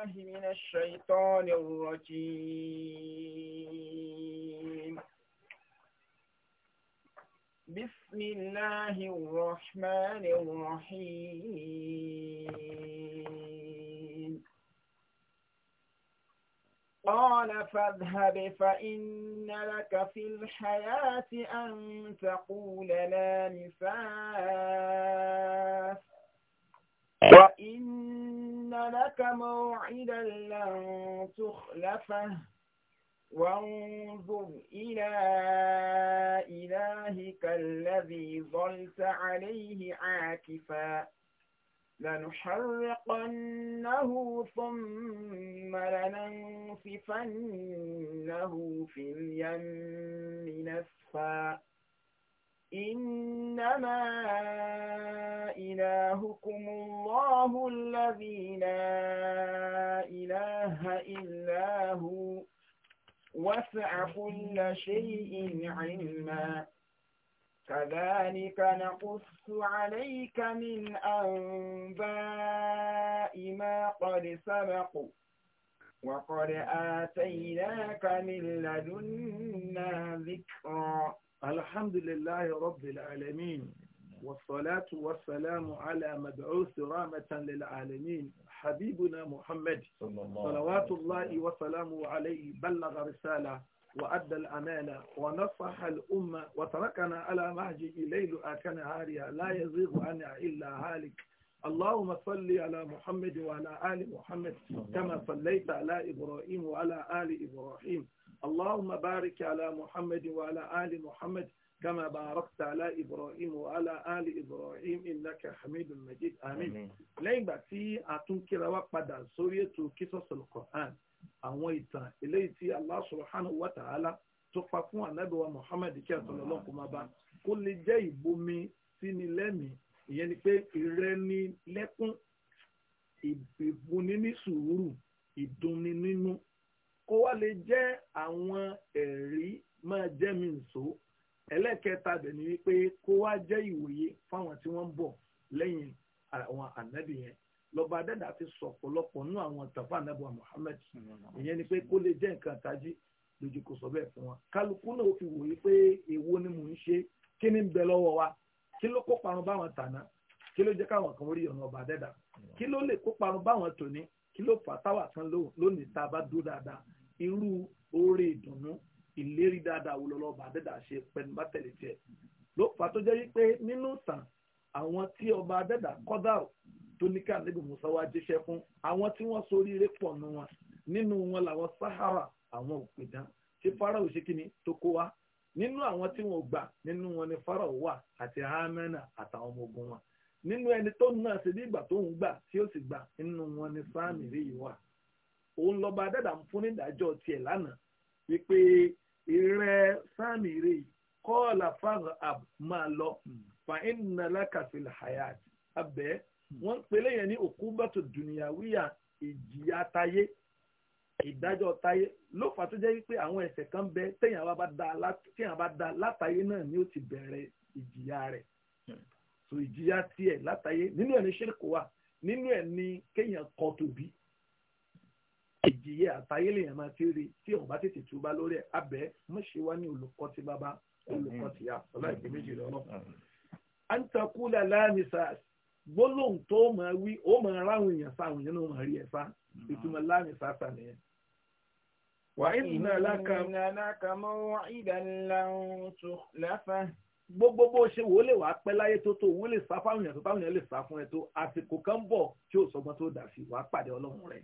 بالله من الشيطان الرجيم بسم الله الرحمن الرحيم قال فاذهب فإن لك في الحياة أن تقول لا نفاس وإن لك موعدا لن تخلفه وانظر إلى إلهك الذي ظلت عليه عاكفا لنحرقنه ثم لننصفنه في اليم نسفا إنما إلهكم الله الذي لا إله إلا هو وسع كل شيء علما كذلك نقص عليك من أنباء ما قد سبق وقد آتيناك من لدنا ذكرا الحمد لله رب العالمين والصلاة والسلام على مبعوث رامة للعالمين حبيبنا محمد صلوات الله وسلامه عليه بلغ رسالة وأدى الأمانة ونصح الأمة وتركنا على مهج ليل أكن عاريا لا يزيغ عنا إلا هالك اللهم صل على محمد وعلى آل محمد كما صليت على إبراهيم وعلى آل إبراهيم اللهم بارك على محمد وعلى آل محمد كما باركت على إبراهيم وعلى آل إبراهيم إنك حميد مجيد آمين lẹ́yìn ìgbà tí a tún kíra wá padà sórí ètò Qisas al-Qur'an àwọn ìtàn eléyìí tí Allah subhanahu wa ta'ala tó pa fún ànábì wa Muhammad kí àtọ̀lọ́ lọ́n kó máa bá kó lè jẹ́ ìbomi síni lẹ́mìí ìyẹn ni pé ìrẹni lẹ́kún ìbùnni ní sùúrù ìdùnni nínú kó wá lè jẹ́ àwọn ẹ̀rí máa jẹ́ mi nìṣó ẹlẹ́kẹta bẹ̀ ni wípé kó wá jẹ́ ìwòye fáwọn tí wọ́n ń bọ̀ lẹ́yìn àwọn ànábì yẹn lọ́ba adẹ́dà ti sọ ọ̀pọ̀lọpọ̀ nínú àwọn tàfà ànábì wa Muhammad ìyẹn ni pé kó lè jẹ́ nǹkan tají lójú kò sọ bẹ́ẹ̀ fún wa kálukú náà fi wòye pé èwo ni mò ń ṣe kí ni ń bẹ lọ́wọ́ wa kí ló kó parun báwọn tàná kí ló jẹ́ káwọn kan orí ọ̀nà ọba adẹ́dà kí ló lè kó parun báwọn tòní kí ló fà táwà kan lónìí tá a bá dúró dáadáa irú oore ìdùnnú ìlérí dáadáa wo lọ́lọ́ba adẹ́dà ṣe pẹ̀lú bá tẹ̀lé tiẹ̀ ló fà tó jẹ́ wípé nínú ìtàn àwọn tí ọba adẹ́dà kọ́dà tó ní ká níbi musa wá jíṣẹ́ fún àwọn tí wọ́n sórí eré pọ̀ nù wọn nínú wọn làwọn sahara àwọn òpìdán ṣé farao ṣe kí ni tó kó wá nínú àwọn tí wọn ò gbà nínú wọn ni farao wà àti hamana àtàwọn ọmọ ogun wọn nínú ẹni tó náà ṣe bí ìgbà tó ń gbà tí ó sì gbà nínú wọn ni sáàmì rí yìí wà òun lọ́ba dẹ́dà ń fún nídàájọ́ tiẹ̀ lánàá wípé ìrẹ́ sáàmì rè kọ́ọ̀là fáwọn àb máa lọ fa iná lákàfin hayat abẹ́ hmm. wọ́n ń pelé yẹn ní òkú bàtò dùnìyàwíyà ìjìyà táyé ìdájọ́ táyé ló fà tó jẹ́ wípé àwọn ẹ̀ṣẹ̀ kan bẹ téèyàn bá da látàyé náà ni ó ti bẹ̀rẹ̀ ìjìyà rẹ̀ hmm. so ìjìyà tiẹ̀ látàyé nínú ẹ̀ ní ṣírkù wà nínú ẹ̀ ní kéèyàn kọ́ tóbi ìjìyà àtayé lèèyàn máa ti rí tí òun bá tètè túbá lórí ẹ abẹ mọṣẹ wá ní ya ọlá ìpè méjì lọ à ń takú lálá ní sars gbólóhùn tó máa wí ó máa ráhùn èèyàn sáhùn yẹn náà máa rí ẹ sá ìtumọ̀ láàrin sàṣà nìyẹn. wà á lákàmú. gbogbo bó ṣe wò ó lè wàá pẹ́ láyé tó tó òun lè sá fáwọn èèyàn tó táwọn èèyàn lè sá fún ẹ tó àsìkò kan ń bọ̀ tí ò sọgbọ́n tó dà sí wàá pàdé ọlọ́run rẹ.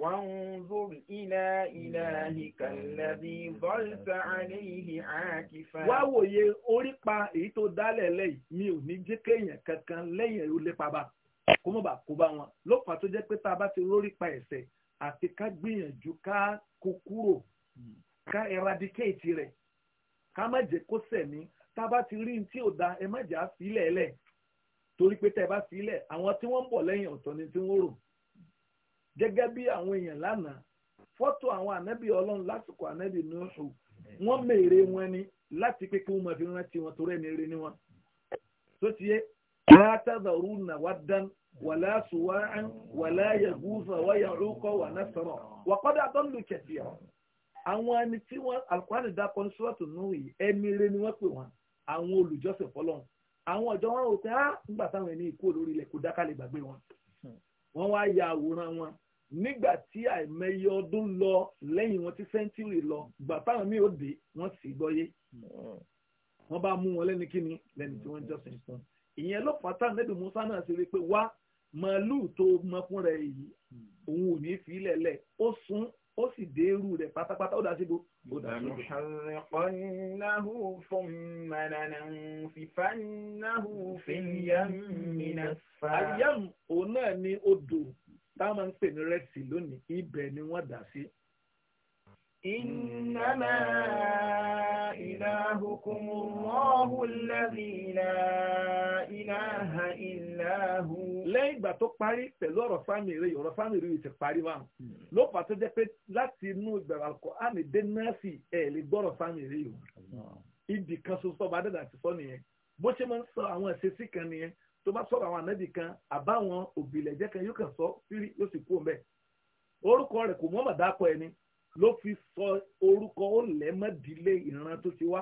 wọ́n ń zòrì ilẹ̀ ilẹ̀ ìkànnì bọ́lùsà àléhì àkìfà. wá wòye orí pa èyí tó dálẹ̀ lẹ́yìn mi ò ní jẹ́ kéèyàn kankan lẹ́yìn ẹ̀rọ lépa bá kó mọ̀ bá kó bá wọn ló tó jẹ́ pé tá a bá ti rórí pa ẹ̀ṣẹ̀ àti ká gbìyànjú ká kó kúrò ká eradicate rẹ̀ ká má jẹ́ kó sẹ̀mí tá a bá ti rí tí ò da ẹ má jà sílẹ̀ ẹlẹ̀ torí pé tẹ́ ẹ bá sílẹ̀ àwọn tí wọ́n ń bọ̀ lẹ́yìn ọ̀tọ̀ ni tí wọ́n rò gẹ́gẹ́ bí àwọn èèyàn lánàá fọ́tò àwọn ànábì ọlọ́run lásìkò ànábì Nuhu wọ́n mèrè wọn ni láti pé kí wọ́n máa fi rántí wọn torí ẹni rí ni wọn. tó ti yẹ látàdàrú nà wá dán wàlá sùwárán wàlá yagúfà wáyà orúkọ wà násọrọ wà kọ́dà tó ń lu kẹ̀sì ọ̀. àwọn ẹni tí wọ́n alukóhánì dákọ̀ ní sọ́ọ̀tù Nuhu yìí ẹni rí ni wọ́n pè wọ́n àwọn olùjọ́sìn fọlọ́run àwọn ọ̀jọ́ wọn ò sẹ́ á nígbà táwọn ẹni ikú olórí ilẹ̀ kò dákàlẹ̀ gbàgbé wọn hmm. wọ́n wá ya àwòrán wọn nígbà tí àìmọye ọdún lọ lẹ́yìn wọn tí sẹ́ńtúrì lọ gbà táwọn míì ó dé wọ́n sì gbọ́yé hmm. wọ́n bá mú wọn lẹ́ni kíni lẹ́ni tí wọ́n jọ́sìn fún hmm. ìyẹn ló fà táwọn ẹ̀dùn Musa náà ṣe rí pé wá màálùú tó mọ fún yìí òun ò ní fi ilẹ̀ lẹ̀ ó sún ó sì dé irú rẹ̀ pátápátá ó dá síbo. ìdánilẹ́kọ̀ọ́náhù fún mẹ́rẹ̀nà fífanáhù fìyàmìnà fà. òun náà ni odò táwọn máa ń pè ní rẹ́sì lónìí ibẹ̀ ni wọ́n dà sí. إنما إلهكم الله الذي لا إله إلا هو. lẹ́yìn ìgbà tó parí pẹ̀lú ọ̀rọ̀ fámì rẹ̀ ọ̀rọ̀ fámì rẹ̀ ti parí wa ló fà tó jẹ́ pé láti inú ìgbàlá kọ́ àmì dé nọ́ọ̀sì ẹ̀ lè gbọ́rọ̀ fámì rẹ̀ o. ibì kan soso ọba dàda kan nìyẹn tó bá sọ̀rọ̀ àwọn ànábì kan ló fi sọ orúkọ ó lẹ́ mọ́dílé ìran tó ti wá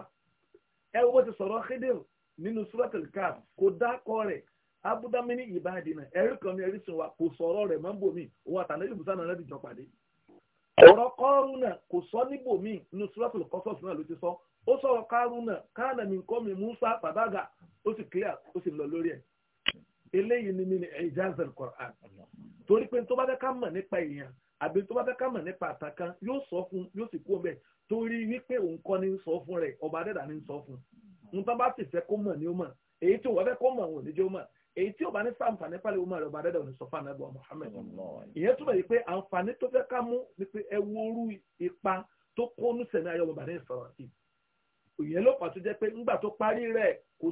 ẹ wo ti sọ̀rọ̀ Khidir nínú suratul Kahf kò dákọ rẹ̀ abudamini ibadina ẹ̀rí kan ní ẹ̀rí sùn wa kò sọ̀rọ̀ rẹ̀ mọ́ bòmí òun àtàlẹ́yìn musa náà lẹ́bi jọ pàdé ọ̀rọ̀ kọ́rùnà kò sọ níbòmí nínú suratul Qasas náà ló ti sọ ó sọ̀rọ̀ kárùnà káànà mi kọ́ mi mi àbí tó bá fẹ́ ká mọ̀ nípa àtàn kan yóò sọ fún yóò sì kú ọbẹ̀ torí wípé òun kọ́ ni ń sọ fún rẹ̀ ọba adẹ́dà ni ń sọ fún un tó bá sì fẹ́ kó mọ̀ ni ó mọ̀ èyí tí òun fẹ́ kó mọ̀ òun níjẹ́ ó mọ̀ èyí tí òun sọ fún ànábì Muhammad ìyẹn túmọ̀ yìí pé àǹfààní tó fẹ́ ká mú ni pé ẹ wo orú ipa tó kónú sẹ̀mí ayọ̀ ọba ní ìsọ̀rọ̀ yìí ìyẹn ló pàtó jẹ́ pé ńgbà tó parí rẹ̀ kò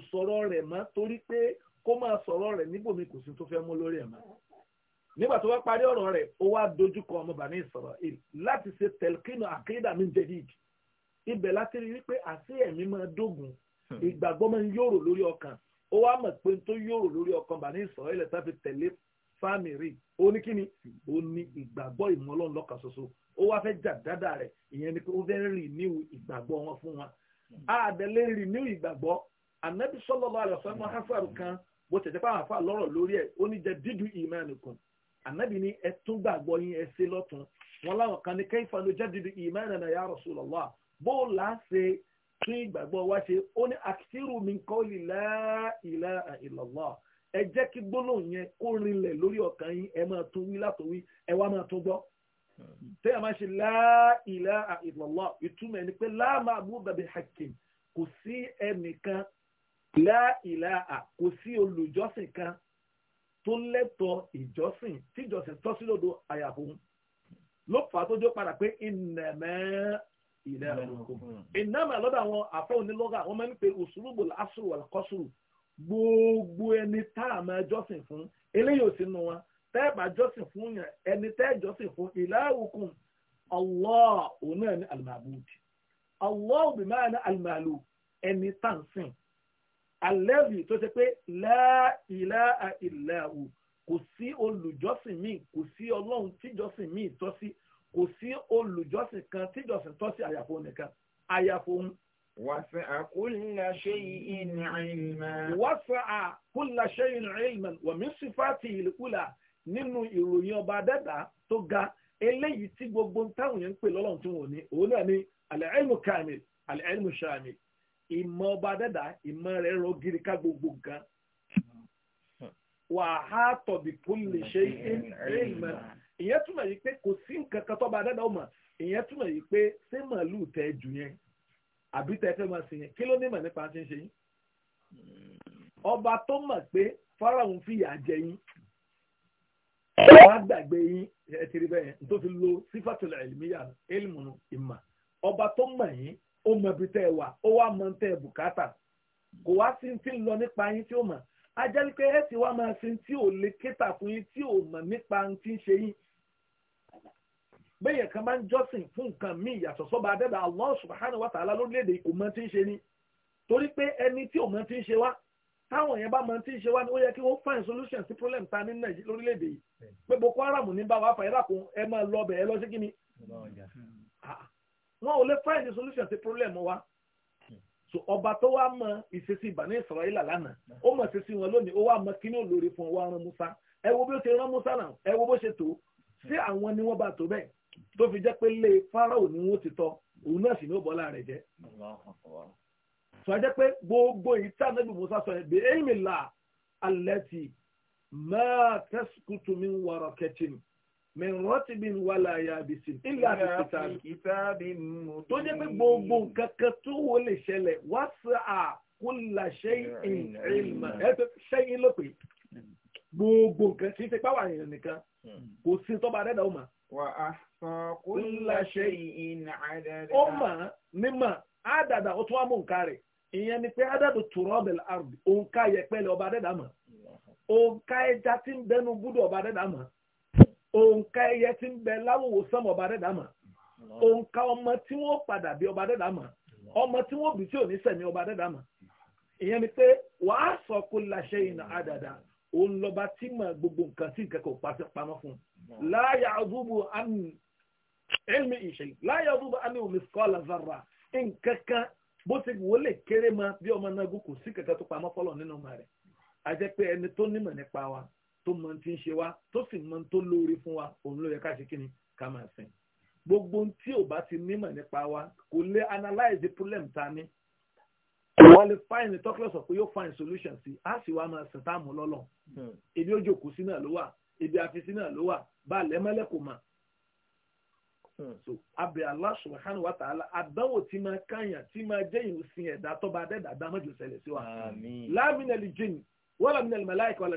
kó máa sọ̀rọ̀ rẹ̀ níbòmí kò sí tó fẹ́ mú lórí ẹ̀ mọ́ nígbà tó wá parí ọ̀rọ̀ rẹ̀ ó wá dojú kọ ọmọ Bani Israel láti ṣe tẹ̀lkínú àkéèdà min jadid ibẹ̀ láti rí wípé àṣẹ ẹ̀mí máa dógùn hmm. ìgbàgbọ́ máa ń yòrò lórí ọkàn ó wá mọ̀ pé tó yòrò lórí ọkàn Bani Israel tá fi tẹ̀lé fámìrì ó ní kíni ó ní ìgbàgbọ́ ìmọ̀lọ́n lọ́kàn ṣoṣo ó wá fẹ́ jà dáadáa rẹ̀ ìyẹn ni pé ó fẹ́ rìn ní ìgbàgbọ́ wọn fún ànábì ní ẹ tún gbàgbọ́ yín ẹ ṣe lọ́tún wọn láwọn kan ní kayfa nujaddidu imanana ya Rasulullah bó láṣẹ tún ìgbàgbọ́ wa ṣe ó ní akthiru min qawli la ilaha illallah ẹ jẹ́ kí gbólóhùn yẹn kó rinlẹ̀ lórí ọkàn yín ẹ máa tún wí látòwí ẹ wá máa tún gbọ́ tẹ́yà máa ṣe la ilaha illallah ìtumọ̀ ẹni pé la ma'buda bihaqqin kò sí ẹnìkan la ilaha kò sí olùjọ́sìn kan tó lẹ́tọ̀ ìjọsìn tí ìjọsìn tọ́ sí lọ́dọ̀ àyàfó ló fà á tó jó padà pé ìnẹ̀mẹ́ ilẹ̀ ìnẹ̀mẹ́ lọ́dọ̀ àwọn àfẹ́ onílọ́gà wọ́n máa ń pe òṣùrùgbò lásùrù àkọ́sùrù gbogbo ẹni tá a máa jọ́sìn fún eléyìí ò sínú wọn tẹ́ bá jọ́sìn fún yẹn ẹni tẹ́ jọ́sìn fún ìlàhùkùn Allah òun náà ní al-ma'bud Allah bi ma'na al ẹni tá à ń sìn alẹ́bì tó ṣe pé láìlá ìlàhù kò sí olùjọ́sìn míì kò sí ọlọ́run tíjọ́sìn míì tọ́ sí kò sí olùjọ́sìn kan tíjọ́sìn tọ́ sí àyàfo nìkan àyàfo ń. wàsíà kulla shay'in ilma. wàsíà kulla shay'in ilma wa min sifatihil ula nínú ìròyìn ọba dẹ́dà tó ga eléyìí tí gbogbo táwọn yẹn ń pè lọ́lọ́run tí wọn ò ní òun náà ní al-ilmu kamil al-ilmu shamil ìmọ̀ ọba dẹ́dà ìmọ̀ rẹ̀ rọ gírí ká gbogbo nǹkan. wàhálà tọ̀bì kò lè ṣe é ìmọ̀ ìyẹn túmọ̀ yìí pé kò sí nǹkan kan tọ́ba dẹ́dà ọmọ ìyẹn túmọ̀ yìí pé ṣé màálù tẹ jù yẹn àbí tẹ fẹ́ máa sìn yẹn kí ló ní mọ̀ nípa ti ń ṣe yín. ọba tó mọ̀ pé fáráhùn fìyà jẹ yín wàá gbàgbé yín ẹ ti rí bẹ́ẹ̀ tó fi lo sífàtúlẹ̀ ìlmíyà ìlmùnú ìmà ọba tó mọ̀ yín ó mọ ibi tẹ́ ẹ wà ó wá mọ tẹ́ ẹ bùkátà kò wá sí ti ń lọ nípa yín tí ó mọ̀ á jẹ́ pé ẹ ti wá máa ṣe tí ò lè kéta fún yín tí ò mọ̀ nípa ti ń ṣe yín bẹ́ẹ̀ kan máa ń jọ́sìn fún nǹkan míì yàtọ̀ sọ́ba adẹ́dà Allah subhanahu wa ta'ala lórílẹ̀‐èdè kò mọ ti ń ṣe ni torí pé ẹni tí ò mọ ti ń ṣe wá táwọn yẹn bá mọ tí ń ṣe wá ni ó yẹ kí wọ́n find solution sí problem ta ní nàìjíríà lórílẹ̀‐èdè yìí pé boko haram ní bá wa fà ẹ́ dàkún ẹ máa lọ bẹ̀ ẹ lọ sí kí ni wọn ò lè find solution sí problem wa so ọba tó wá mọ ìṣesí ìbànú ìsọ̀rọ̀ìlà lánàá ó mọ ìṣesí wọn lónìí ó wá mọ kíní olórí fún ọwọ́ arán musa ẹ wo bí ó ṣe rán musa náà ẹ wo bó ṣe tó sí àwọn ni wọ́n bá tó bẹ́ẹ̀ tó fi jẹ́ pé lé fáráò ni wọ́n ti tọ́ òun náà sì ní òbọ́lá rẹ̀ jẹ́ sọ jẹ́ pé gbogbo ìta nẹ́bí musa sọ ẹ̀bẹ̀ ẹ̀yìn mi là alẹ́ ti máa tẹ́sùkùtù mi ń wọ̀rọ̀ kẹ́tìmù min rọ́tìbìn wàlà yàbìsìn ilẹ̀ àbìsìtàbí tó jẹ́ pé gbogbo kankan tó wo lè ṣẹlẹ̀ wá sí à kúlà ṣẹ́yìn ìlmà ṣẹ́yìn ló pé gbogbo nǹkan kì í ṣe páwà èèyàn nìkan hmm. kò sí tọ́ba rẹ̀ dàó mà. wà á san kúlà ṣẹ́yìn àdàdà. ó mà ní mà àdàdà ó tún wá mú nǹkan rẹ̀ ìyẹn ni pé àdàdà tùrọ́bìlì àrùn òǹkà yẹpẹ́lẹ̀ ọba rẹ̀ dàá mà òǹkà ẹja tí ń bẹnu búdọ̀ ọba rẹ̀ dàá mà. onka ẹyẹ ti ń bẹ láwòwò sọmọ ọba dẹdà mọ òǹkà ọmọ tí wọ́n padà bí ọba dẹdà mọ ọmọ tí wọ́n bí tí ò ní ọba dẹdà mọ ìyẹn ni pé wàá sọ kó àdàdà òun lọba tí gbogbo nǹkan tí nǹkan kò pàṣẹ fún láyà àmì ẹnmi láyà àmì omi kọlà zara nǹkankan bó ti kéré ma bí ọmọ náà gùn sí kankan tó fọlọ nínú ọmọ wa tó mọ ti ń ṣe wá tó sì mọ tó lóore fún wa òun ló yẹ ká ṣe kí ni ká máa sìn gbogbo tí ò bá ti nímọ̀ nípa wa kò lè analyze the problem ta ni wọ́n lè find the talk less of pé yóò find solution sí a sì wá máa sìn táàmù lọ́lọ́ hmm. ebi ó jòkó sí náà ló wà ibi àfisí náà ló wà bá a lẹ́mọ́lẹ́ kò mà hmm. so abẹ Allah subhanahu wa ta'ala àdánwò tí máa káyàn tí máa jẹyìn òsìn ẹ̀dá tó bá dẹ́dà dámọ́jù ṣẹlẹ̀ sí wa láàmì nàìjíríà wala min al-malaika wala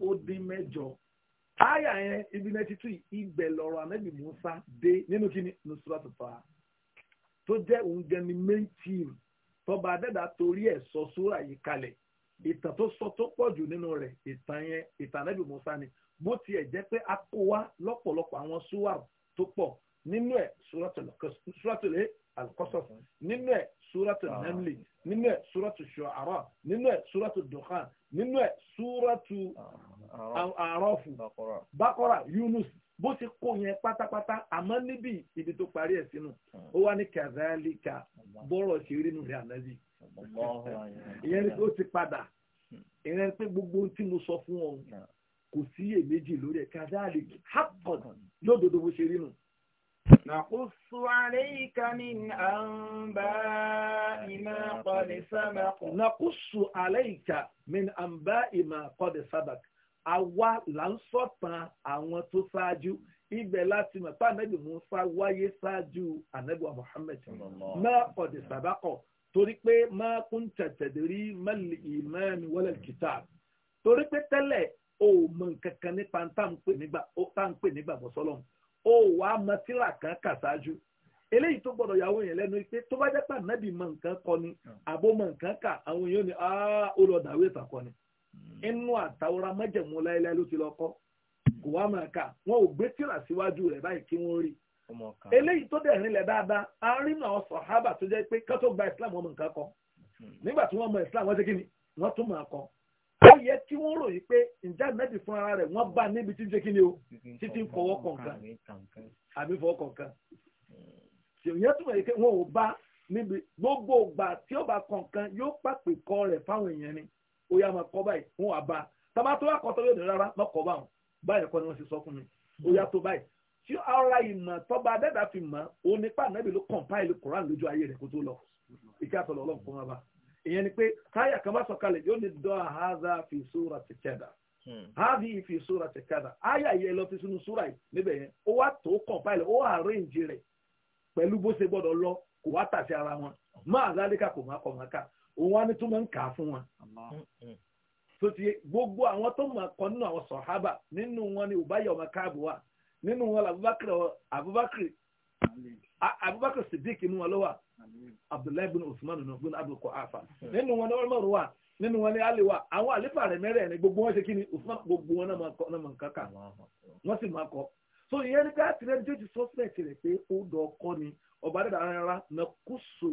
ó dín mẹ́jọ àyà yẹn ibi ninety two ibẹ̀ lọ́rọ̀ anabi musa dé nínú kíni nusratu fa tó jẹ́ òun gẹni main team tọba adẹ́dà torí ẹ̀ sọ súrà yìí kalẹ̀ ìtàn tó sọ tó pọ̀ jù nínú rẹ̀ ìtàn yẹn ìtàn anabi musa ni bó tiẹ̀ jẹ́ pé a kó wa lọ́pọ̀lọpọ̀ àwọn súwà tó pọ̀ nínú ẹ̀ súratul al-Qasas nínú ẹ̀ súratul Namli nínú ẹ̀ súratul Shu'ara nínú ẹ̀ súratul Dukhan nínú ẹ̀ súrọ́tù àrọ́fù bákọ́rà yunus bó ti kó yẹn pátápátá àmọ́ níbi ibi tó parí ẹ̀ sínú ó wá ní kàzálíkà bọ́rọ̀ ṣe rí nù rẹ̀ ànábì ìyẹn ni pé ó ti padà ìyẹn ni pé gbogbo tí mo sọ fún ọ kò sí èméjì lórí ẹ̀ kàzálíkà hapkọ̀d lódodo bó ṣe rí نقص عليك من أنباء ما قد سبق نقص عليك من أنباء ما قد سبق àwa là ń sọ̀tàn àwọn tó ṣáájú ibẹ̀ láti mọ̀ pé ànábì Musa wáyé ṣáájú ànábì wa Muhammad ma qad sabaqa torí pé ma kunta tadri mal iman wala kitab torí pé tẹ́lẹ̀ o mọ̀ nǹkan nípa tá à pè nígbà bọ́sọ́lọ́mù ó wà á mọ kan kà ṣáájú eléyìí tó gbọ́dọ̀ yàwó yẹn lẹ́nu pé tó bá jẹ́ pé ànábì mọ nǹkan kọ ni hmm. àbó mọ nǹkan kà àwọn èèyàn ni ó lọ dàwé kọ ni hmm. inú àtàwòrán mọ́jẹ̀mú láéláé ló ti lọ o hmm. kò wá máa kà wọn ò gbé tíra síwájú rẹ̀ báyìí kí wọ́n rí eléyìí tó dẹ̀ rinlẹ̀ dáadáa a ọ̀sọ̀ hábà tó gba Islam kọ nígbà tí Islam wọ́n ó yẹ kí wọ́n ròyìn pé ǹjẹ́ àmẹ́bí fún ara rẹ̀ wọ́n bá níbi tí ń ṣe kí ni o títí fọwọ́ kọ̀ọ̀kan àbí fọwọ́ kọ̀ọ̀kan ìyẹn túmọ̀ yìí pé wọn ò bá níbi gbogbo ìgbà tí ó bá kọ̀ọ̀kan yóò pàpè kọ́ rẹ̀ fáwọn èèyàn ni ó yà máa kọ́ báyìí wọn àbá tàbá tó wà kọ́ tó yóò dé rárá lọ́kọ̀ọ́ báwọn báyìí kọ́ ni wọ́n ti sọ fún mi ó yà tó báyìí tí ara ìmọ̀ tọ́ba adẹ́dàá fi mọ̀ òun nípa ànábì ló kọ̀ǹpáìlì Kùránì lójú ayé rẹ̀ kó tó lọ ìkẹ́ àtọ̀lọ́ ọlọ́run ìyẹn ni pé táyà kama bá yóò ní fi sura ti kẹ́dà haza hmm. fi sura ti kẹ́dà àyà yẹ lọ ti sínú sóra yìí níbẹ̀ yẹn ó wá tó kọ̀ǹpáìlì ó rẹ̀ pẹ̀lú bó ṣe lọ kò wá tàṣẹ ara wọn hmm. máa lálẹ́ka kò kọ̀ ká òun wá ní gbogbo àwọn tó nínú àwọn sọ̀hábà nínú wọn ni ọmọ abdullahi bin usman bin abdul qahafa hmm. nínú wọn ni umar wà nínú wọn ni ali wà àwọn àlefa gbogbo wọn ṣe kí ni gbogbo wọn náà máa kàkà wọ́n sì máa so ìyẹn ní ká tirẹ̀ ní suspect rẹ̀ pé ó dọ̀ ọkọ ni ọba dàda rárá na kó so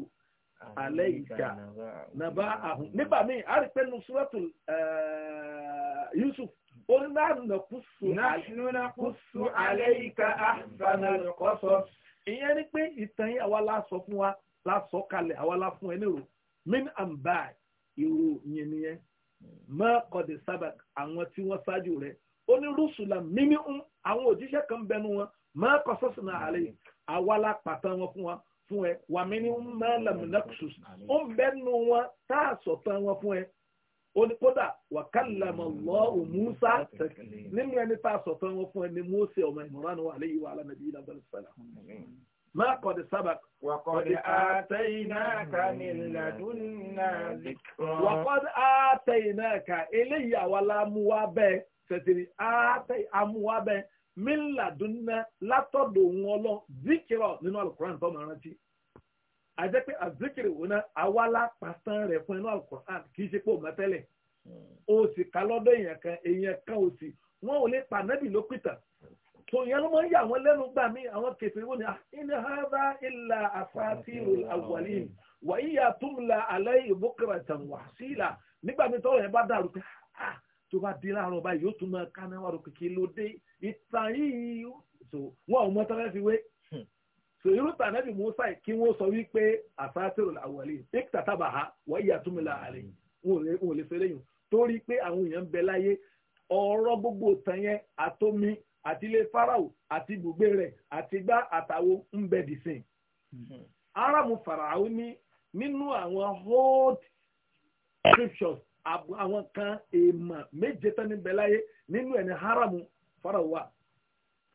alẹ́ ìjà àhùn nígbà míì a pé nu suratul eh, yusuf na so. ìyẹn pé ìtàn lásọ̀kalẹ̀ àwa la fún ẹ nírò min and by ìrò yẹn nìyẹn má kọ̀dé sábà àwọn tí wọ́n ṣáájú rẹ̀ ó ní rúṣùlà mímí ń àwọn òjíṣẹ́ kan bẹnu wọn má kọ sọ́sìnà àlẹ́ yìí àwa la pàtàn wọn fún wọn fún ẹ wà mí ní má lamunaxus ó ń bẹnu wọn tá a sọ̀tàn wọn fún ẹ ó ní kódà wà kálàmà lọ́ọ̀ Musa nínú ẹni tá a sọ̀tàn wọn fún ẹ ní Mose ọmọ Imran wà lẹ́yìn wà alánàbí ilà bẹ́ẹ̀ sẹ́lá. ما قد سبق وقد آتيناك من لدنا ذكرا وقد آتيناك إلي ولا موابع ستري آتي أموابع من لدنا لا تدعو ذكرا من القرآن فما رأتي àjẹ́ pé àzíkiri wò ná àwa lápàtàn rẹ̀ fún inú alukur'an kì í ṣe pé òmọ tẹ́lẹ̀ hmm. o sì ká èèyàn kan èèyàn kan o sì wọ́n ò lè pa nábì lópìtàn tó yẹn ló máa ń yà wọ́n lẹ́nu gbà mí àwọn kẹfẹ́ wọn ni ah, in hadha illa asatirul awwalin wa hiya tumla alayhi bukratan wa asila nígbà mi tọ́wọ́ yẹn bá dàrú pé ah, tó bá dé láàárọ̀ báyìí yóò tún máa káná wà lókè kí ló ìtàn yìí wọn ò mọ tọ́lá fi wé hmm. sòyúrú tànàbì musa kí wọ́n sọ wípé àsátìrò àwọlé dókítà tábàá wọ́n yà túnmí la àlẹ́ wọn ò lè fẹ́ lẹ́yìn torí pé àwọn èèyàn ń bẹ láyé ọ̀rọ̀ gbogbo tàn yẹn àti ilé farao àti ibùgbé rẹ̀ àti gbá àtàwo ń bẹ dì sìn. aramu mhm. farao ní nínú àwọn old scriptures àwọn kan èèmọ̀ méje tán níbẹ̀ láyé nínú ẹni haramu farao wà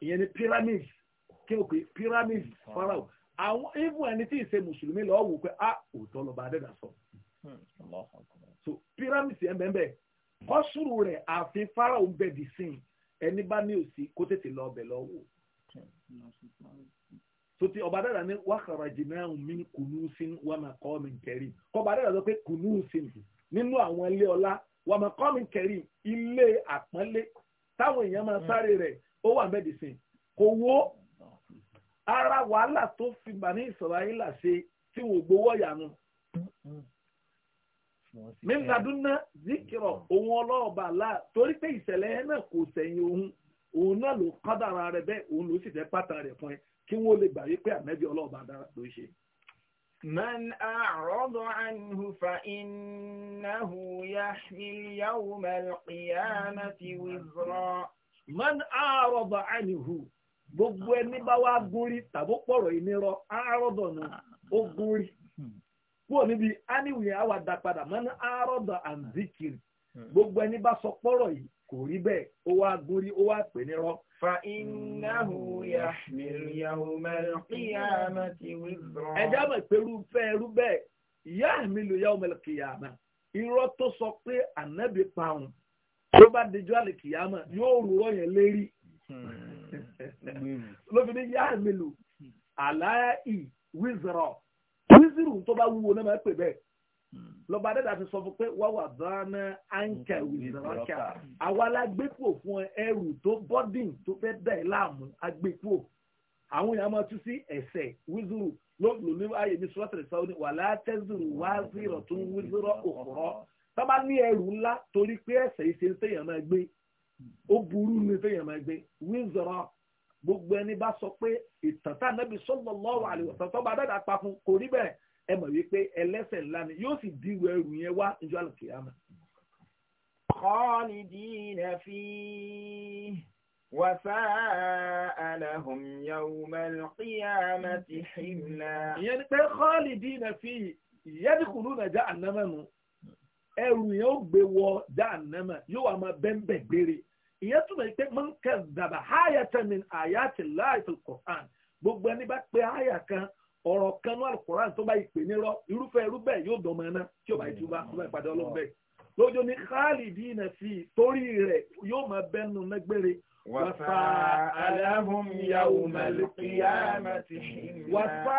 ìyẹn ni pyramids kí o pé pyramids farao àwọn even ẹni tí ì ṣe mùsùlùmí lọ́ọ́ wò pé a òótọ́ lọ́ba adẹ́dà sọ. Hmm, so pyramids yẹn bẹ́ẹ̀ bẹ́ẹ̀ kọ́sùrù rẹ̀ àfi farao ń bẹ dì ẹni bá ní òsì kó tètè lọ ọbẹ̀ lọ wò. sotí ọba dàda ní wàhálà jìnnà mi kùnú sí wà máa kọ́ mi kẹrì kọba dàda sọ pé kùnú sí nínú àwọn ilé ọlá wà máa kọ́ mi kẹrì ilé àpọ́nlé táwọn èèyàn máa sáré hmm. rẹ̀ ó wà mẹ́dísìn kò wó ara wàhálà tó fi bà ní ìsọ̀rọ̀ ayé là ṣe tí wọ́n gbowó yànnú mímúdàdúnná zikirọ̀ òun ọlọ́ọ̀bà láà torí pé ìṣẹ̀lẹ̀ náà kò sẹ̀yìn òun òun náà ló kádàrà rẹ̀ bẹ́ẹ̀ òun ló sì fẹ́ pátá rẹ̀ fún ẹ kí wọ́n lè gbà wípé ànábì ọlọ́ọ̀bà dára ló ṣe. من أعرض عنه فإنه يحمل يوم القيامة وزرا من أعرض عنه gbogbo ẹni bá wá gúnrí tàbó pọ̀rọ̀ ìnirọ̀ kúrò níbi ánìwòye àwa dá mọ́ ní àárọ̀dọ̀ gbogbo ẹni bá sọ pọ́rọ̀ kò rí bẹ́ẹ̀ ó wá gúnrí ó wá pè ní rọ́. fa innahu yahmil yawmal qiyamati wizra. ẹja mọ̀ pé irúfẹ́ irú bẹ́ẹ̀ yahmilu yawmal tó sọ pé ànábì tó bá yóò yẹn lérí hmm. lóbi ní wíṣírù tó bá wúwo náà máa pè bẹ́ẹ̀ hmm. lọ́ba adẹ́dà ti sọ fún pé wáwà dáná àǹkà ìwìlìsànkà hmm. hmm. àwa la gbé pò fún ẹrù tó bọ́dìn tó fẹ́ dà ẹ́ láàmú agbépò àwọn èèyàn máa tú sí ẹ̀sẹ̀ wíṣírù lóòlù ní ayé mi sọ́tẹ̀rẹ̀ sáwọn ní wàlá tẹ́sírù wá zírọ̀ tó ń wíṣírọ̀ òkúrọ̀ tábà ní ẹrù ńlá torí pé ẹ̀sẹ̀ ìṣe ń tẹ̀yàn máa gbé ó burú ní tẹ̀yàn máa gbé wíṣírọ̀ gbogbo ẹni bá sọ pé ìtàn tá ànábì sallallahu alaihi wasallam tó bá dáadáa pa fún kò rí bẹ́ẹ̀ ẹ mọ̀ wípé ẹlẹ́sẹ̀ ńlá ni yóò sì di ìwé ẹrù yẹn wá ìjọ àlùkìyàmà. khalidina fihi wàsáà lahum yawmal qiyamati himla. ìyẹn ni pé khalidina fihi yadkhuluna jahannama nù ẹrù yẹn ó gbé wọ jahannama yóò wà máa bẹ́ńbẹ̀ gbére ìyẹn túmọ̀ pé mọ̀ ń kẹ́ dàbà ayatan min ayati Allahi fil Qur'an gbogbo ẹni bá pé àyà kan ọ̀rọ̀ kan ní alukoran tó bá ìpè nírọ́ irúfẹ́ irú bẹ́ẹ̀ yóò dọ̀mọ ẹná tí ó bá ìtura tó bá ìpàdé ọlọ́run bẹ́ẹ̀ lójó ní khalidina fi torí rẹ̀ yóò máa bẹ́nu nẹ́gbẹ́rẹ́. wàfà aláhùn yawmal qiyamati himla. wàfà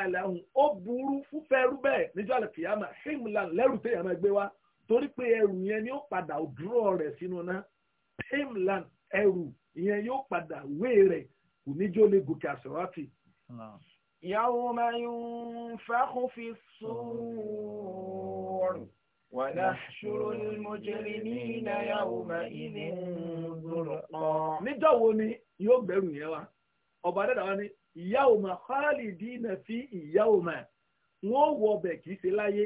aláhùn ó burú fúnfẹ́ irú bẹ́ẹ̀ níjọ́ àlùkìyàmà himlan lẹ́rù téèyàn gbé wá torí pé ẹrù yẹn ni ó padà òdúrọ̀ rẹ̀ sínú náà himland ẹrù ìyẹn yóò padà wé rẹ̀ kò ní jó lè gòkè àsọ̀rọ̀tì. يوم ينفخ في الصور ونحشر المجرمين يومئذ زرقا níjọ́ wo ni yóò gbẹ̀rù yẹn wá ọba dẹ́dà wá ní yawma khalidina fi yawma wọ́n wọ ọbẹ̀ kì í ṣe láyé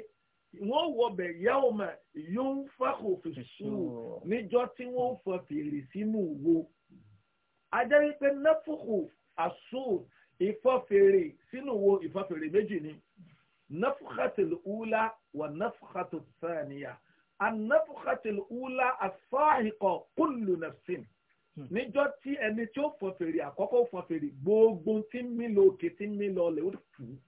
wọ́n wọbẹ̀ yẹ́wò mà yóò ń fàkò fèsù níjọ́ tí wọ́n fọ fèrè sínú wo. ajẹ́ wípé náfùkù àṣù ìfọ́fèrè sínú wo ìfọ́fèrè méjì ni náfùkàtìl ula wà náfùkàtìl sàníyà anáfùkàtìl ula àfáàhìkọ kúlù nàfsìn níjọ́ tí ẹni tí ó fọ fèrè àkọ́kọ́ fọ fèrè gbogbo tí ń mí lọ òkè tí ń lọ lè ó fún un.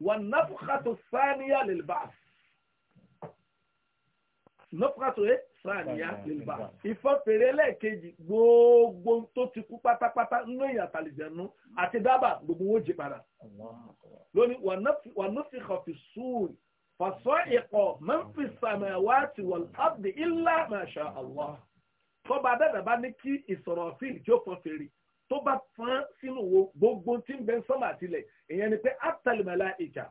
والنفخة الثانية للبعث نفخة إيه؟ ثانية للبعث ìfọ́fèrè lẹ́ẹ̀kejì gbogbo tó ti kú pátápátá nínú èèyàn àtàlìjẹ̀nu àti dábà gbogbo wọn jí padà lónìí ونفخ في الصور فصعق من في السماوات والأرض إلا ما شاء الله tọ́ba dẹ́dàbá ní kí ìsọ̀rọ̀ fíìlì tí ó fọ́ fèrè tó bá fán sínú wo gbogbo tí ń bẹ sọ́mà àtìlẹ̀ ìyẹn ni pé àtàlùmọ̀lá ìjà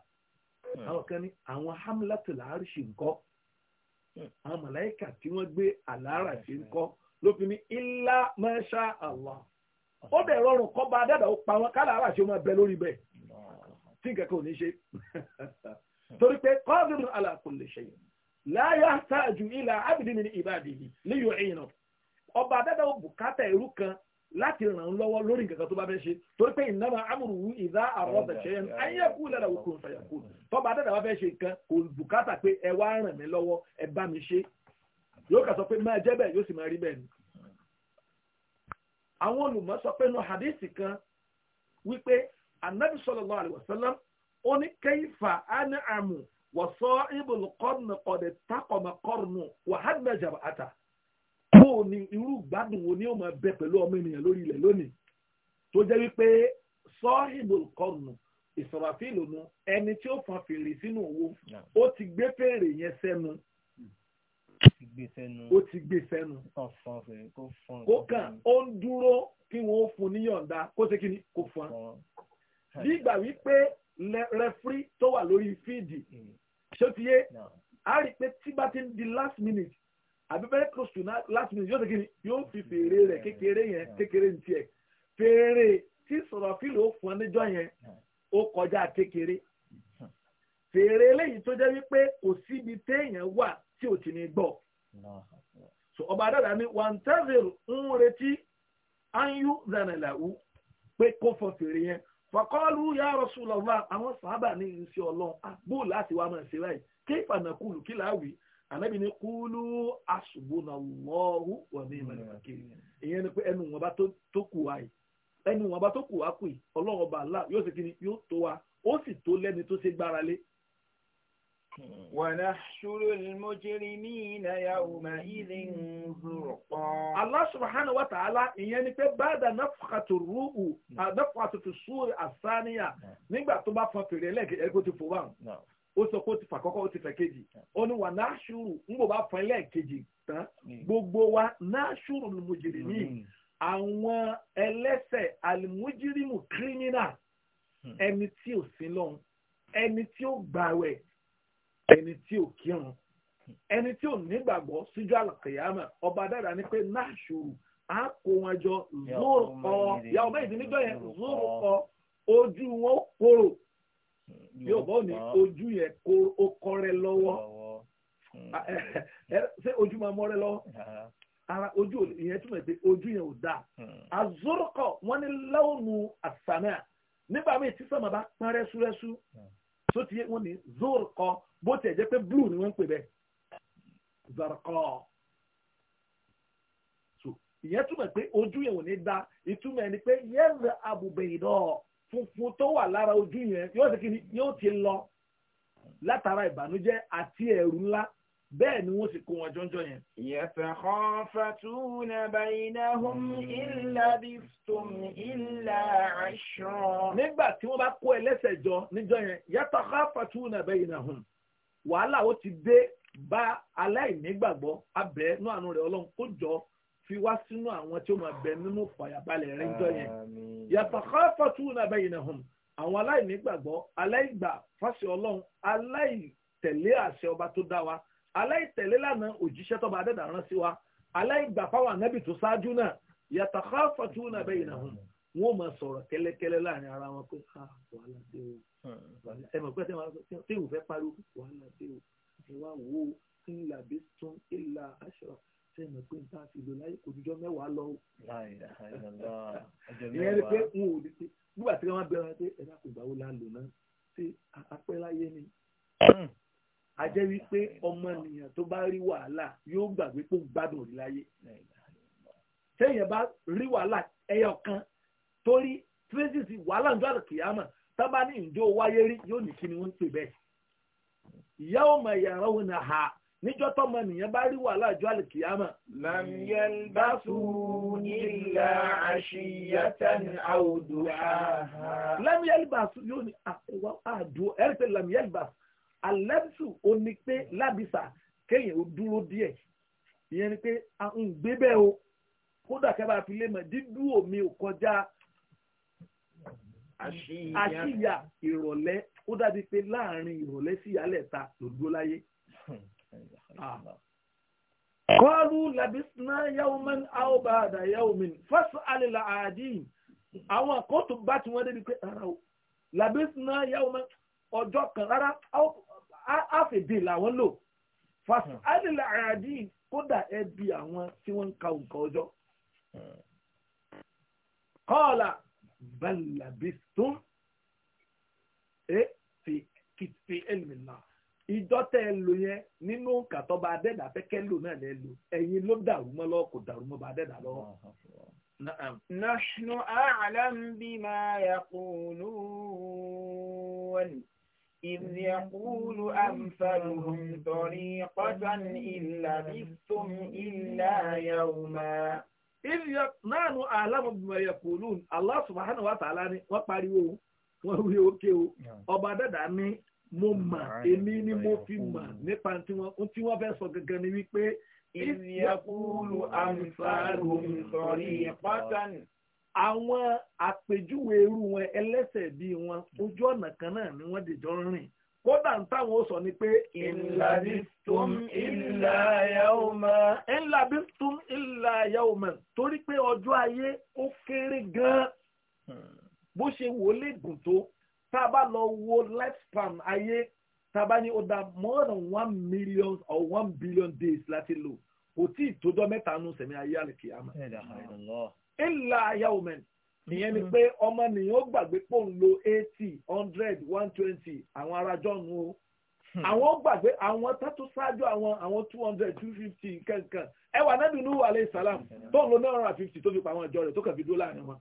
hmm. àwọn kan ní àwọn hamlatul arṣi ńkọ́ hmm. àwọn màláìkà tí wọ́n gbé àlàárà sí ńkọ́ ló ní ilá masha Allah ó bẹ̀ rọrùn kọ́ bá dàdà ó pa wọn kálá aláṣẹ máa bẹ lórí bẹ́ẹ̀ tí nǹkan kan ò ní ṣe hmm. torí pé qadirun ala kulli shay la yahtaju ila abdin min ibadihi li yu'inu ọba dàdà ó bùkátà ẹrú kan láti ràn án lọ́wọ́ lórí nǹkan tó bá fẹ́ ṣe torí pé ìnáwó amúrùwú ìdá àrọ́bẹ̀ ṣe ń ayé kú lára òkun fàyàkù tọ́ba dáadáa wá fẹ́ ṣe nǹkan kò bùkátà pé ẹ wá ràn mí lọ́wọ́ ẹ bá mi ṣe yóò kà sọ pé máa jẹ́ bẹ́ẹ̀ yóò sì máa rí bẹ́ẹ̀ ni. àwọn olùmọ̀ sọ pé nu hadith kan wípé anabi sallallahu alaihi wasallam ó ní kayfa an'amu wa sa'ibul qarn qad taqama bóò ni irú gbádùn wo ni ó máa bẹ pẹ̀lú ọmọ ènìyàn lórí ilẹ̀ lónìí tó jẹ́ wípé sọ́ọ̀hìbòl kọ̀ọ̀nù Ìsọ̀ràfíl nu ẹni tí ó fọn fèrè sínú owó ó ti gbé fèrè yẹn sẹ́nu ó ti gbé sẹ́nu kó kàn ó ń dúró kí wọ́n ó fún níyọ̀ǹda kó ṣe kí ni kó fún un nígbà wípé rẹfúrí tó wà lórí fíìdì hmm. ṣó ti yé a rí i pé tí bá ti ń di last minute àbí very close to last minute yóò ṣe kíni yóò fi fèrè rẹ̀ kékeré yẹn kékeré ní tiẹ̀ fèrè tí sọ̀rọ̀ fílì ó fún ọ níjọ́ yẹn ó kọjá kékeré fèrè eléyìí tó jẹ́ wípé kò síbi téèyàn wà tí ò ti ní gbọ́ so ọba dada ni wà ń tẹ́sìrì ń retí anyu zanalawu pé kó fọ fèrè yẹn fàkọ́lù ya Rasulullah àwọn sábà ní ìṣe ọlọ́run àgbò ah, láti wá máa ṣe báyìí kí ìfànàkùlù kí làá wí ànábì ní kúlú asùbùnàlọ́hù wà ní ìmọ̀lẹ̀ kàkiri ìyẹn ni pé ẹnu wọn bá tó kù wá yìí ẹnu wọn bá tó kù wá kù yìí ọlọ́run ọba Allah yóò ṣe kíni yóò tó wa ó sì tó lẹ́ni tó ṣe gbára lé. wa nahshuru al-mujrimina yawma'idhin zurqa. Allah subhanahu wa ta'ala ìyẹn ni pé ba'da nafkhati ar-ruh hmm. nafkhati fi as hmm. nígbà tó bá fọn fèrè ẹlẹ́gẹ̀ẹ́ ó sọ pé ó ti fà kọ́kọ́ ó ti fẹ̀ kejì ó ní wà náṣúrù ńgbò bá hmm. gbogbo wa náṣúrù lùmùjìrì ní hmm. àwọn ẹlẹ́sẹ̀ àlùmùjìrìmù kírímínà hmm. ẹni tí ò sí lọ́hùn ẹni tí ò gbàwẹ̀ ẹni tí ò kírun ọba dára pé á kó wọn jọ zórùkọ yàwó zórùkọ ojú wọn kóró. yóò bọ́ ni ojú yẹn ó kọ́rẹ́ lọ́wọ́ hmm. ah, eh, eh, eh, ṣé ojú máa mọ́rẹ́ lọ́wọ́ uh-huh. ara ojú ìyẹn túmọ̀ pé ojú yẹn ò dáa àzọ́rọ̀kọ̀ hmm. wọ́n ní láwọnù àsàmìà nígbà míì tí sọ́mà bá pọ́n rẹ́súrẹ́sú tó hmm. ti yé wọ́n ni zọ́rọ̀kọ̀ bó tiẹ̀ jẹ́ pé blue ni wọ́n ń pè bẹ́ẹ̀ zọ́rọ̀kọ̀ ìyẹn túmọ̀ pé ojú yẹn ò ní dáa ìtumọ̀ ẹni pé yẹ́n abùbẹ̀yìn náà. funfun tó wà lára ojú yẹn yóò ti kíni yóò ti lọ látara ìbànújẹ́ àti ẹ̀rù ńlá bẹ́ẹ̀ ni wọ́n sì kó wọn jọ́njọ́ yẹn. yatakhafatuna bainahum illa biftum illa ashra. nígbà tí wọ́n bá kó ẹlẹ́sẹ̀ jọ níjọ́ yẹn yatakhafatuna bainahum wàhálà ó ti dé bá aláìnígbàgbọ́ abẹ́ nú àánú rẹ̀ ọlọ́run kó jọ fi wá sínú àwọn tí ó máa bẹ nínú fàyàbalẹ̀ rẹ̀ ń jọ yẹn yàtọ̀ khafatuna bainahum àwọn aláìnígbàgbọ́ aláìgbà fáṣẹ ọlọ́run aláìtẹ̀lé àṣẹ ọba tó dá wa aláìtẹ̀lé lànà òjíṣẹ́ tọ́ba adẹ́dà rán sí wa aláìgbà fáwọn anábì tó ṣáájú náà yàtọ̀ khafatuna bainahum wọn ò máa sọ̀rọ̀ kẹ́lẹ́kẹ́lẹ́ láàrin ara wọn pé wàhálà dé o ẹ mọ̀ pé sẹ́mi pé n ta fi lò láyé kò jùjọ mẹ́wàá lọ o. ìyẹn ni pé n ò ní pé nígbà tí wọ́n bẹ̀rẹ̀ pé ẹ̀dá kò gbà wo la lò náà ṣé apẹ́ láyé ni. a jẹ́ wípé ọmọnìyàn tó bá rí wàhálà yóò gbàgbé pé ó gbádùn rí láyé. sẹ́yìn bá rí wàhálà ẹyọ kan torí tracy wàhálà ń jọ àlùkìyàmọ̀ tábà ní ìjọ wáyé rí yóò ní kí ni wọ́n ń pè bẹ́ẹ̀. ìyá ọmọ ìyàrá níjọ́ tọ́mọ ènìyàn bá rí wàhálà ìjọ àlìkìyàmà. lam yalbasu illa ashiyatan aw duhaha. lam yalbasu yóò ní àwa ah, àdó ẹ̀rí pé lam yalbasu alẹ́bùsù ó ní pé lábìsà kéèyàn ó dúró díẹ̀ ìyẹn ni pé à ń bẹ́ẹ̀ o kódà kẹ́bà fi lè mọ̀ dídú omi ò kọjá àṣìyà ìrọ̀lẹ́ ó dàbí pé láàrin ìrọ̀lẹ́ sí ìyálẹ̀ ta láyé. Kọ́lù labisna yawman aw ba'da yawmin fas'al al-aadin. Àwọn àkótò bá ti wọ́n débi pé ara o. Labisna yawman ọjọ́ kan rárá àfèdè làwọn lò. Fas'al al-aadin kódà ẹbí àwọn tí wọ́n ń ka nǹkan ọjọ́. Kọ́ọ̀là bal labistum fi ilmi Allah. ìjọ tẹ́ ẹ lò yẹn nínú kàtọ́ bá adẹ́dà fẹ́ lò náà lẹ́ lò ẹ̀yin ló dàrú mọ́ lọ́wọ́ dàrú mọ́ bá adẹ́dà lọ́wọ́. nahnu a'lam bima yaqulun إذ يقول أمثلهم طريقة إن لبثتم إلا يوما ni wọ́n pariwo wọ́n wí o ọba dẹ́dà ní mo mà èmi ni mo fi mà nípa tí wọ́n tí wọ́n fẹ́ sọ gangan ni wípé. ìyàkúlù àmfààrù sọ̀rí pátánì. àwọn àpèjúwe irú wọn ẹlẹ́sẹ̀ bíi wọn ojú ọ̀nà kan náà ni wọ́n dìjọ́ rìn kódà ń táwọn ó sọ ni pé. ìlàbí tún ìlà yàwó mọ́. ìlàbí tún ìlà yàwó mọ́ torí pé ọjọ́ ayé ó kéré gan-an hmm. bó ṣe wọlé gùn tó tá a bá lọ wo lifespan ayé tá a ní ó dá more than one million or one billion days láti lò kò tí ì tójọ́ mẹ́ta nù sẹ̀mí ayé àlìkìyàmà. ìlà ayáwòmẹ́ni nìyẹn ni mm-hmm. pé ọmọnìyàn ó gbàgbé pò ń lo eighty hundred one twenty àwọn arajọ́ nù o hmm. àwọn ó gbàgbé àwọn tẹ́tù ṣáájú àwọn àwọn two hundred two fifty kankan ẹwà náà dùnú wà lẹ́yìn sálám tó ń lo nine hundred and fifty tó fi pa àwọn ìjọ rẹ̀ tó kàn fi dúró láàrin wọn.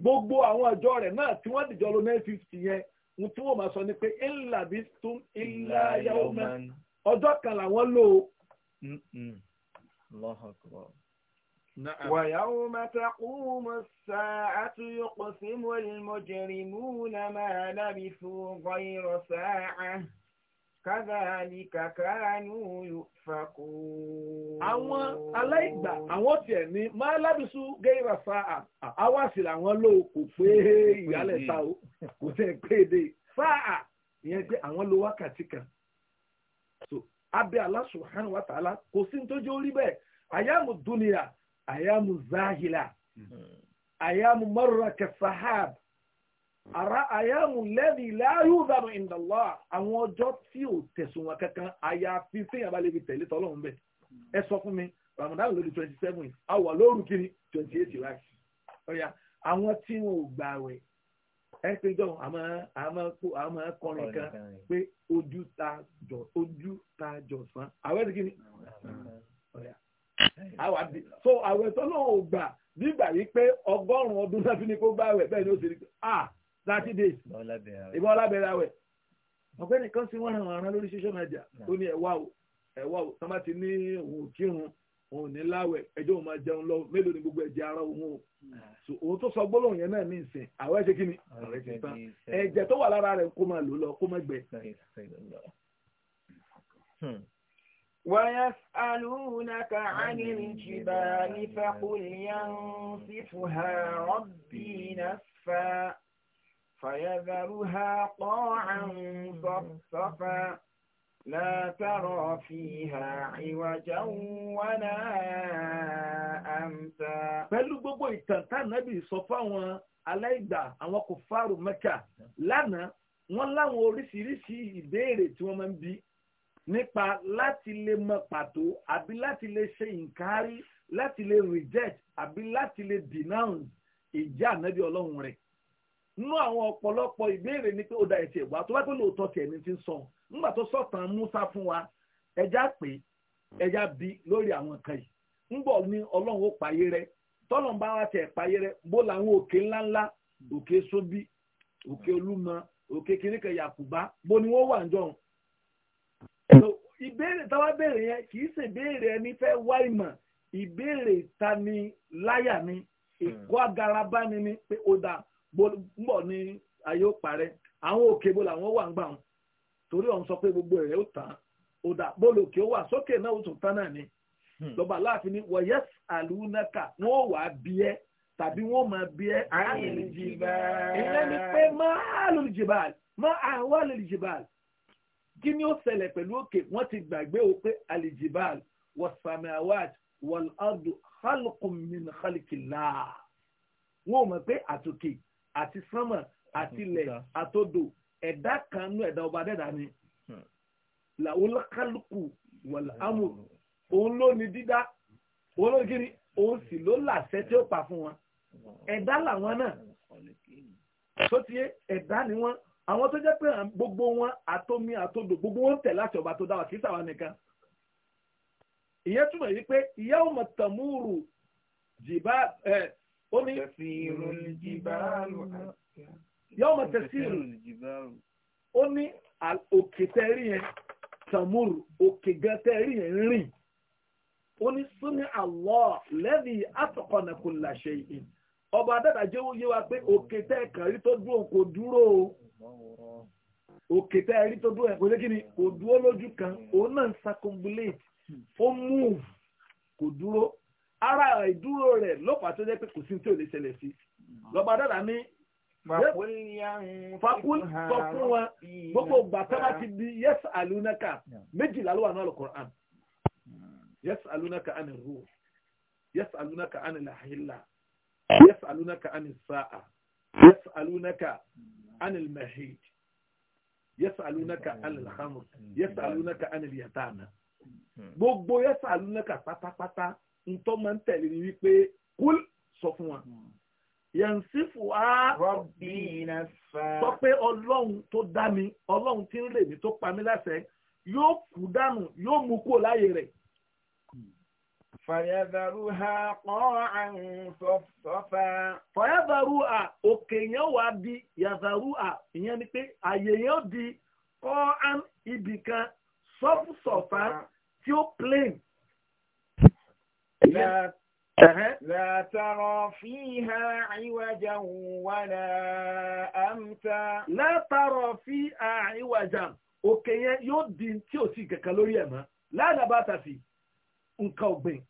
gbogbo àwọn ọjọ́ rẹ̀ náà tí wọ́n dìjọ lo nine fifty yẹn ń tí wọ́n máa sọ ni pé ńlá bí tún ńlá yàwó mẹ́ ọjọ́ kan làwọn lò ó. ويوم تقوم الساعة يقسم المجرمون ما لبثوا غير ساعة kàdàlíkà kánú yufakun. àwọn aláìgbà àwọn tiẹ̀ ní máa ládùsú géèrà fa àwàsí làwọn lò kò pé ìyálẹ̀ ta o kò tẹ̀ pé èdè fa à ìyẹn pé àwọn lo wákàtí kan. so abẹ́ Allah wa ta'ala kò sí nítorí orí bẹ́ẹ̀ àyàmù dúnìyà àyàmù ara àyàmù lẹ́bi láàyò dànù ìdàlọ́ àwọn ọjọ́ tí ò tẹ̀sùn wọn kankan àyàfi téèyàn bá lè fi tẹ̀lé tọ́lọ́run bẹ̀ ẹ sọ fún mi ramadan lórí twenty seven yìí a wà lóru kiri twenty eight right ọ̀yà àwọn tí wọn ò gbà wẹ̀ ẹ pé jọ àmọ́ kọrin kan pé ojú ta jọ san àwẹ̀ ti kiri àwà di so àwẹ̀ tọ́lọ́run ò gbà nígbà yìí pé ọgọ́rùn-ún ọdún náà fi ni kó gbà wẹ̀ bẹ́ẹ̀ ni ó ti rí ah, thirty days ìbọn ọlábẹ̀rẹ̀ awẹ̀ ọ̀gbẹ́ni kan sí wọ́n ràn án lórí social media ó ní ẹ̀wá o ẹ̀wá o tọ́ba ti ní òun kírun òun ní láwẹ̀ ẹjọ́ òun máa jẹun lọ mélòó ni gbogbo ẹ̀jẹ̀ ara òun o òun tó sọ gbólóhùn yẹn náà ní ìsìn àwọ̀ ẹ̀jẹ̀ kí ni ẹ̀jẹ̀ tó wà lára rẹ̀ kó máa lò lọ kó máa gbẹ. Hmm. ويسألونك عن الجبال فقل ينصفها ربي نصفا فيذرها قاعا صفصفا لا ترى فيها عوجا ولا أمتا pẹ̀lú gbogbo ìtàn tá nàbì sọ fáwọn aláìgbà àwọn kò fárò mẹ́kà lánàá wọ́n láwọn oríṣiríṣi ìbéèrè tí wọ́n máa ń bi nípa láti lè mọ pàtó àbí láti lè ṣe ìǹkárí láti lè reject àbí láti lè denounce ìjà ànábì ọlọ́run rẹ̀ nnu àwọn ọ̀pọ̀lọpọ̀ ìbéèrè ni pé ó da ẹ̀sẹ̀ wá tó bá pé lóòótọ́ tiẹ̀ ní ti ń Musa fún wa ẹja pé ẹja bi lórí àwọn kan yìí ńbọ̀ ni Ọlọ́run ó payé rẹ tọ́lọ̀ ń bá wa tiẹ̀ payé rẹ bó làwọn òkè ńláńlá òkè sóbí òkè olúmọ òkè kìnìkan bó ni wọ́n wà ń ìbéèrè bọ̀ ní ayé ó parẹ́ àwọn òkè bó làwọn wà ń gbà wọn torí ọ̀hún sọ pé gbogbo rẹ̀ ó tán ó dà bóòlù òkè ó wà sókè náà ó tún tán náà ni hmm. lọ́ba aláàfin ni wọ̀nyẹ́ àlùnáka wọ́n ò wá bí ẹ́ tàbí wọ́n máa bí ẹ́ àlùjìbáàlì ìyẹn kí ni ó ṣẹlẹ̀ pẹ̀lú òkè wọ́n ti gbàgbé o pé àlùjìbáàlì wọ̀sàmìàwáàdì wọ̀lọ́dù khalqun min khalqillah wọ́n mọ̀ pé àtòkè àti sánmà àti ilẹ̀ àtòdò ẹ̀dá kan nú ẹ̀dá ọba dẹ́dá ni hmm. làwọn kálukú wọ̀lá amú òun ló ní dídá òun ló ní kíni òun sì ló làṣẹ tí ó pa fún wọn ẹ̀dá làwọn náà tó ti yé ẹ̀dá ni wọ́n àwọn tó jẹ́ pé gbogbo wọn àtomi àtòdò gbogbo wọn tẹ̀ láti ọba tó dá wa kì í sàwọn nìkan ìyẹn túmọ̀ yìí pé ìyá ò tàmúrù jìbá ẹ̀ ó ní. yọ́ọ́ mọ̀ tẹ̀síìrù ó ní òkè tẹ́rí yẹn tamur òkè gan tẹ́rí yẹn rìn ó ní súnmi Allah lẹ́bi atqana kulla shay'in ọba adádájọ́ yé wa pé òkè tẹ́ kàn rí tó dúró kò dúró òkè tẹ́ tó dúró kò dé kò dúró lójú kan òun náà ń circumambulate ó move kò dúró ara ìdúró rẹ̀ lọ́pàá tó jẹ́ pé kò sí tí ò lè ṣẹlẹ̀ sí mm-hmm. lọ́ba dọ́là ní fakul sọ fún wọn gbogbo ìgbà tó bá ti di yes alunaka méjìlá ló wà náà Al-Qur'an mm-hmm. yes alunaka ani ruh yes alunaka ani lahila mm-hmm. yes alunaka ani sa'a yes alunaka ani mahid yes alunaka ani alhamr yes alunaka ani yatama gbogbo yes alunaka pátápátá ntọ́ máa ń tẹ̀lé ni wípé kúl sọ fún wa hmm. yẹnsifu a rọ́bìnà fà sọ pé ọlọ́run tó dá mi ọlọ́run tí ń lè mi tó pa mí láṣẹ yóò kú dànù yóò mú kúrò láyé rẹ̀. Fàyàdàrú ha kọ́ra sọ́fà. Fàyàdàrú a òkè yẹn wà di yàdàrú a ìyẹn ni pé àyè yẹn di kọ́ ibì kan sọ́fù sọ̀fà ah. tí ó plain. لا لا ترى فيها عوجا ولا أمتا لا ترى فيها عوجا òkè yóò di tí ò sí kankan lórí ẹ̀ mọ́ lánàbàtà sí nǹkan ọ̀gbìn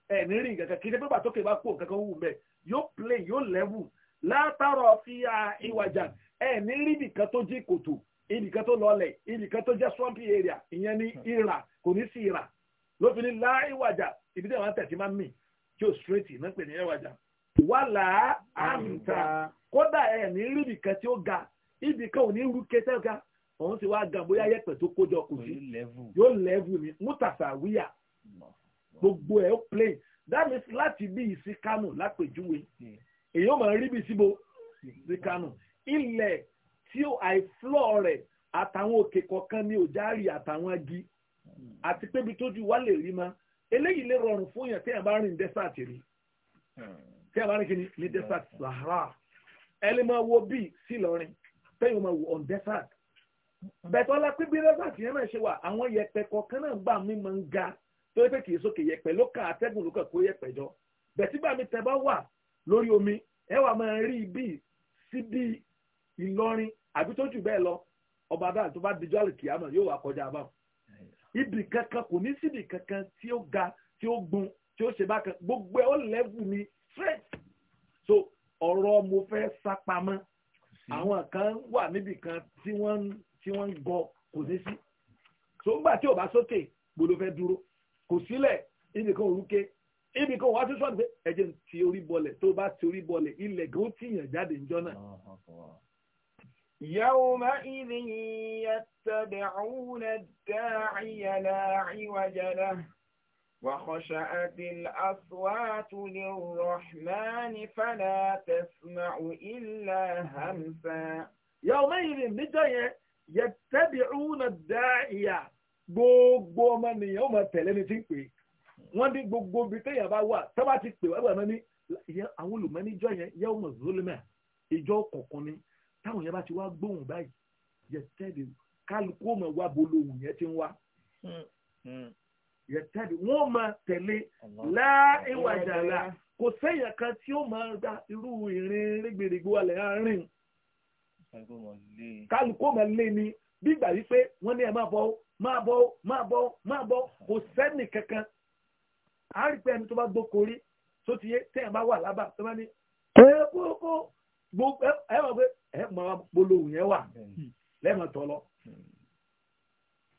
kú wù yóò play yóò level látàrọ̀ fi ìwàjà tó kòtò tó lọlẹ̀ tó swampy area ìyẹn ìrà kò ní tí ò straight náà pè ní ẹwàjà wàlà àǹtà kódà ẹ̀ ní rí ibìkan tí ó ga ibìkan ò ní rú kété ga òun ti wá ga bóyá yẹpẹ tó kójọ kò sí yóò lẹ́vù ni mútàfà wíyà gbogbo ẹ̀ ó play that means láti bí ìsí kánò lápèjúwe èyí ó máa rí bí síbo sí kánò ilẹ̀ tí àìflọ́ rẹ̀ àtàwọn òkè kọ̀ọ̀kan ní òjárì àtàwọn agi àti pébi tójú wa lè rí máa eléyìí lè rọrùn fún yàn téèyàn bá rìn desert rí téèyàn bá rìn kí ni ní desert Sahara ẹni máa wo bíi sí lọrin téèyàn máa wo on desert bẹ̀tọ́ la pé bí desert yẹn náà ṣe wà àwọn yẹ̀pẹ̀ kọ̀ọ̀kan náà gbà mí máa ń ga tó yẹ pé kì í sókè yẹ̀pẹ̀ ló kà atẹ́gùn ló kà kó yẹ̀pẹ̀ jọ bẹ̀tí gbà mí tẹ́ bá wà lórí omi ẹ wà máa rí bíi sí bíi Ìlọrin àbí tó jù bẹ́ẹ̀ lọ ọba dáa tó bá dijọ́ àlùkìyàmọ̀ yóò wà kọjá abáwọn ibì kankan kò ní síbì kankan tí ó ga tí ó gbun tí ó ṣe bákan gbogbo ẹ̀ ó lẹ́bù ni straight so ọ̀rọ̀ mo fẹ́ sá pamọ́ àwọn kan wà níbì kan tí wọ́n tí wọ́n ń gọ kò ní sí so ńgbà tí o bá sókè gbọ́dọ̀ fẹ́ dúró kò sílẹ̀ ibì kan òrùké ibì kan wàá tún sọ̀rọ̀ pé ẹ̀jẹ̀ ti orí bọlẹ̀ tó bá ti orí bọlẹ̀ ilẹ̀ gan ó tìyàn jáde níjọ́ náà يومئذ يتبعون الداعي لا عوج له وخشأت الأصوات للرحمن فلا تسمع إلا همسا يومئذ نجاية يتبعون الداعي gbogbo ọmọ nìyẹn ọmọ tẹ̀lé ni ti ń pè é wọ́n ní gbogbo ibi téèyàn bá wà tó bá ti pè wá ní àwọn olùmọ́níjọ́ yẹn yẹ́ ọmọ zulumẹ̀ ìjọ kọ̀ọ̀kan ni táwọn yẹn bá ti wá gbóhùn báyìí yẹtẹ́bi kálukú ọmọ wa bolohùn yẹn ti ń wá hmm, hmm. yẹtẹ́bi wọ́n máa tẹ̀lé láìwájàlá kò sẹ́yìn kan tí ó máa gba irú ìrìn rẹ́gbẹ̀rẹ̀gbẹ̀ wà lẹ́yìn rìn kálukú ọmọ lé ní bí gbà wípé wọ́n ní ẹ máa bọ́ máa bọ́ máa bọ́ máa bọ́ kò sẹ́ni kankan àárípẹ́ ẹni tó bá gbókorí tó ti yé tẹ́yìn bá wà lábà tó bá ní ẹ̀ẹ́dẹ́gbọ́n gbogbo ẹ̀ ẹ̀ wọ̀ pé ẹ mọ polówó yẹn wà hmm. lẹ́mọ̀ tọ́lọ́ hmm.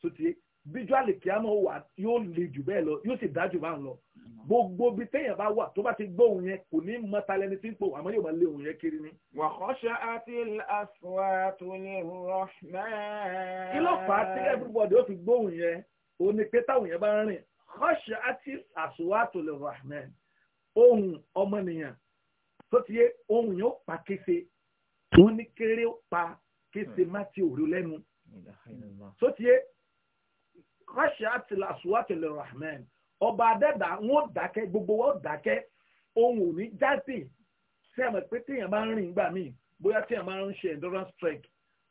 sotí bíjọ́ àlèkíámọ̀ wà yóò le jù bẹ́ẹ̀ lọ yóò sì dá jù báwọn lọ hmm. gbogbo bí téèyàn bá wà tó bá ti gbọ́ òun yẹn kò ní mọ talẹ́ni tí ń pò àmọ́ yóò máa lé òun yẹn kiri ni. wa khasha'atil aswatu lirrahman. kí ló fà á tí everybody ó fi gbọ́ òun yẹn òun ni pé táwọn yẹn bá ń rìn khasha'atil aswatu lirrahman ohun ọmọnìyàn tó ti yé ohun yẹn ó pàkíse wọ́n ní kéré pa kése mati òru lẹ́nu sotie kọ́ṣẹ́ àti làṣùwàtì lè rahman ọba adẹ́dà wọ́n dákẹ́ gbogbo wọ́n dákẹ́ ohun òní jáde sẹ́mi pé téèyàn máa ń rìn gbà míì bóyá téèyàn máa ń ṣe endurance trek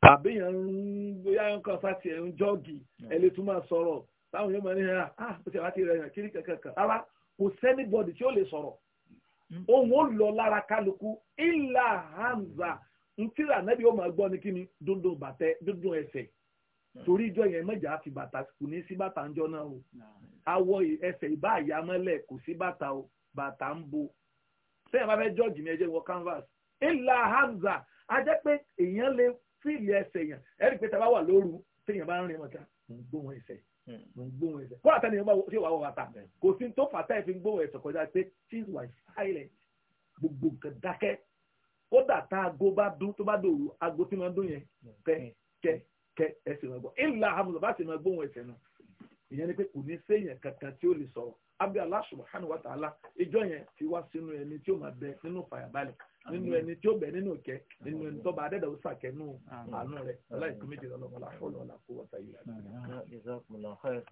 tàbí èèyàn ń bóyá ń kọ́ sáti ẹ̀ ń jọ́ọ̀gì ẹ̀ lè máa sọ̀rọ̀ táwọn yóò máa ní ẹ̀rọ ah bó ah, ti wá ti rẹ̀ yàn kiri kankan rárá kò sẹ́ni bọ́dì tí ó lè sọ̀rọ̀ hmm. ohun ó lọ lára kálukú ìlà hamza ntí ànábì ó máa gbọ́ ni kí ni dundun bàtẹ dundun ẹsẹ̀ torí ìjọ yẹn mẹ́jà fi bàtà kò ní sí bàtà ńjọ náà o awọ ẹsẹ̀ ìbá àyàmọ́lẹ̀ kò sí bàtà o bàtà ń bo sẹ́yìn bá fẹ́ jọ́ọ̀jì ní ẹjẹ́ wọ canvas ìlà hamza a jẹ́ pé èèyàn lè fíìlì ẹsẹ̀ yẹn ẹ̀rí pé tàbá wà lóru téèyàn bá ń rìn mọ̀ta mò ń gbóhùn ẹsẹ̀ mò hmm. ń gbóhùn ẹsẹ̀ kó àtàlẹ́ yẹn bá ṣe wà wọ bàtà hmm. kò sí tó fàtà ẹ̀ fi ń gbóhùn ẹsẹ̀ kọjá pé things were silent gbogbo nǹkan dákẹ́ kódà tá aago bá dún tó bá dòwú aago tí máa dún yẹn kẹ mm. kẹ kẹ ẹsẹ̀ máa gbọ́ ìlà àmúlò bá sì máa gbóhùn ẹsẹ̀ náà ìyẹn ni pé kò ní séèyàn kankan tí ó lè sọ̀rọ̀ abi Allah subhanahu wa ta'ala ìjọ yẹn fi wá sínú ẹni tí ó máa bẹ nínú fàyàbalẹ̀ nínú ẹni tí ó bẹ nínú ìkẹ́ nínú ẹni tó bá adẹ́dàá sàkẹ́ nù àánú rẹ̀ ọláìkú méjì lọ́lọ́mọlá